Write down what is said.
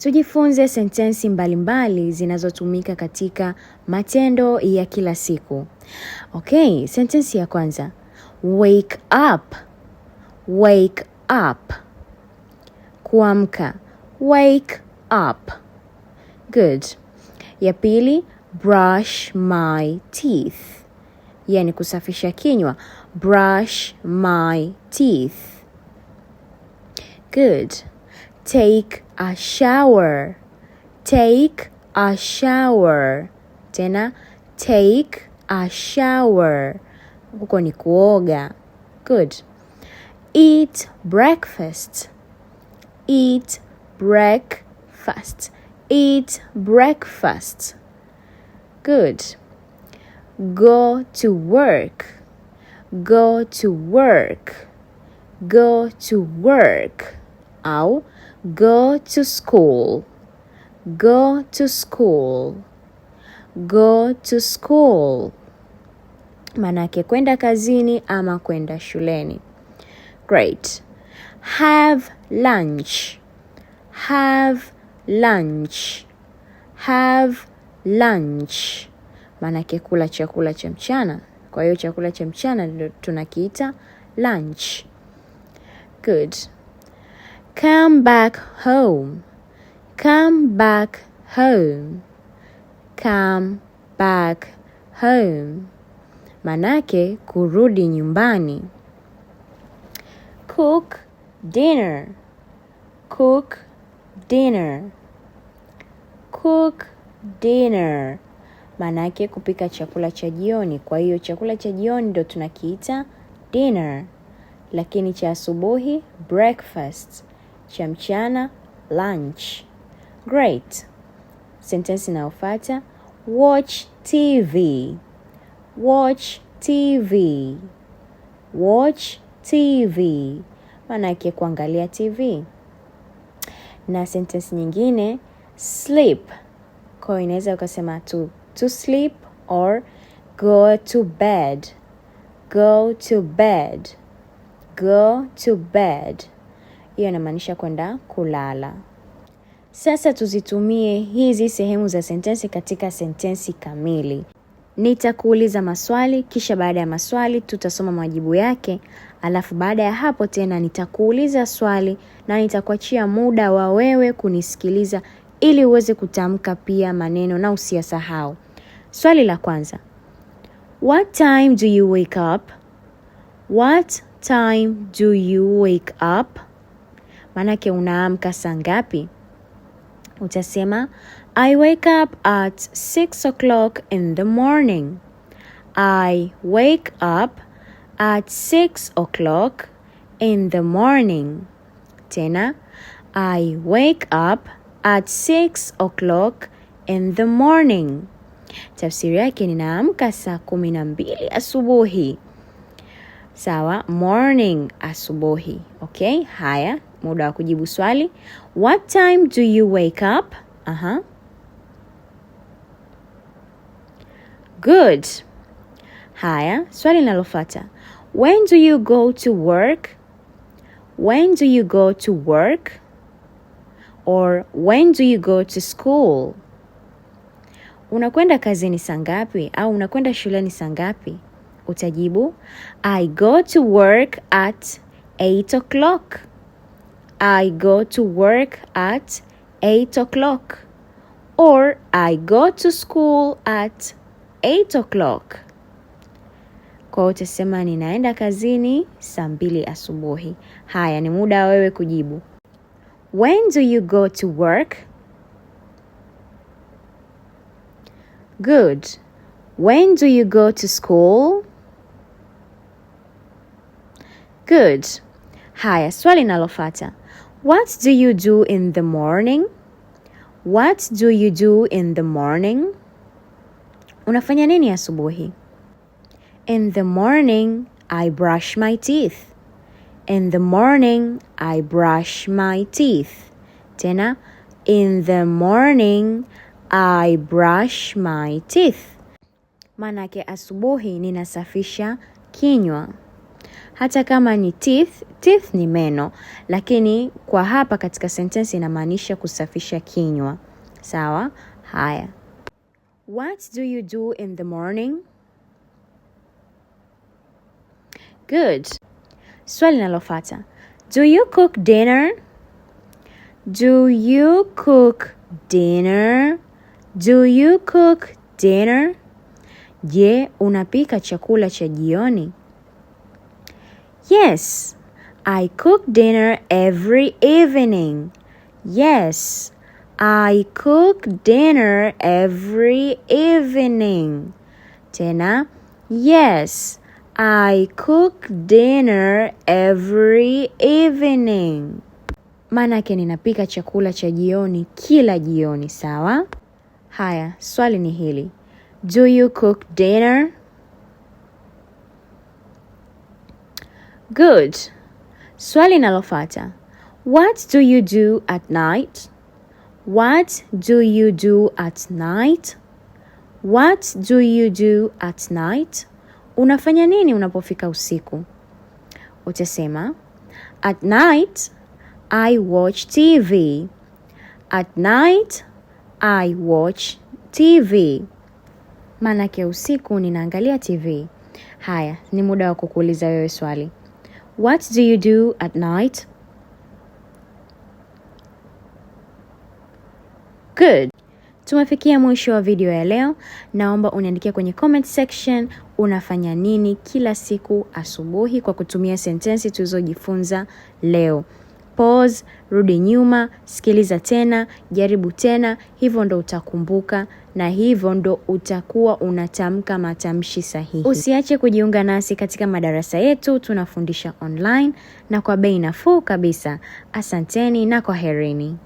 Tujifunze sentensi mbalimbali zinazotumika katika matendo ya kila siku. Okay, sentensi ya kwanza. Wake up. Wake up. Kuamka. Wake up. Good. Ya pili, brush my teeth. Yani kusafisha kinywa. Brush my teeth. Good. take a shower, take a shower. Tena take a shower, huko ni kuoga. Good. Eat breakfast, eat breakfast, eat breakfast. Good. Go to work go to work, go to work, au Go to school. Go to school. Go to school. Manake kwenda kazini ama kwenda shuleni. Great. Have lunch. Have lunch. Have lunch. Manake kula chakula cha mchana. Kwa hiyo chakula cha mchana ndio tunakiita lunch. Good. Come back home. Come back home. Come back home. Manake kurudi nyumbani. Cook dinner. Cook dinner. Cook dinner. Manake kupika chakula cha jioni. Kwa hiyo chakula cha jioni ndo tunakiita dinner, lakini cha asubuhi breakfast cha mchana lunch. Great. Sentensi inayofuata watch TV. Watch TV. Watch TV, maana kuangalia TV. Na sentensi nyingine sleep, kwa inaweza ukasema to, to sleep or go to bed. Go to bed. Go to bed hiyo inamaanisha kwenda kulala. Sasa tuzitumie hizi sehemu za sentensi katika sentensi kamili. Nitakuuliza maswali, kisha baada ya maswali tutasoma majibu yake, alafu baada ya hapo tena nitakuuliza swali na nitakuachia muda wa wewe kunisikiliza ili uweze kutamka pia maneno na usiyasahau. Swali la kwanza. What time do you wake up? What time do you wake up? Maanake unaamka saa ngapi? Utasema I wake up at 6 o'clock in the morning. I wake up at 6 o'clock in the morning. Tena I wake up at 6 o'clock in the morning. Tafsiri yake ninaamka saa kumi na mbili asubuhi. Sawa, morning asubuhi. Okay, haya muda wa kujibu swali. What time do you wake up? Aha. Good. Haya, swali linalofuata. When do you go to work? When do you go to work? Or when do you go to school? Unakwenda kazini saa ngapi au unakwenda shuleni saa ngapi? Utajibu I go to work at 8 o'clock. I go to work at 8 o'clock. Or I go to school at 8 o'clock. Kwa utasema ninaenda kazini saa mbili asubuhi. Haya, ni muda wa wewe kujibu. When do you go to work? Good. When do you go to school? Good. Haya, swali linalofuata. What do you do in the morning? What do you do in the morning? Unafanya nini asubuhi? In the morning, I brush my teeth. In the morning, I brush my teeth. Tena, in the morning, I brush my teeth. Manake asubuhi ninasafisha kinywa hata kama ni teeth, teeth ni meno, lakini kwa hapa katika sentensi inamaanisha kusafisha kinywa. Sawa? Haya. What do you do in the morning? Good. Swali linalofuata. Do you cook dinner? Do you cook dinner? Do you cook dinner? Je, unapika chakula cha jioni? Yes, I cook dinner every evening. Yes, I cook dinner every evening. Tena, yes, I cook dinner every evening. Maanake ninapika chakula cha jioni kila jioni, sawa? Haya, swali ni hili. Do you cook dinner? Good. Swali linalofuata. What do you do at night? What do you do at night? What do you do at night? Unafanya nini unapofika usiku? Utasema at night I watch TV. At night I watch TV. Maanake usiku ninaangalia TV. Haya, ni muda wa kukuuliza wewe swali. What do you do at night? Good. Tumefikia mwisho wa video ya leo. Naomba uniandikia kwenye comment section unafanya nini kila siku asubuhi kwa kutumia sentensi tulizojifunza leo pause, rudi nyuma, sikiliza tena, jaribu tena. Hivyo ndo utakumbuka na hivyo ndo utakuwa unatamka matamshi sahihi. Usiache kujiunga nasi katika madarasa yetu, tunafundisha online na kwa bei nafuu kabisa. Asanteni na kwaherini.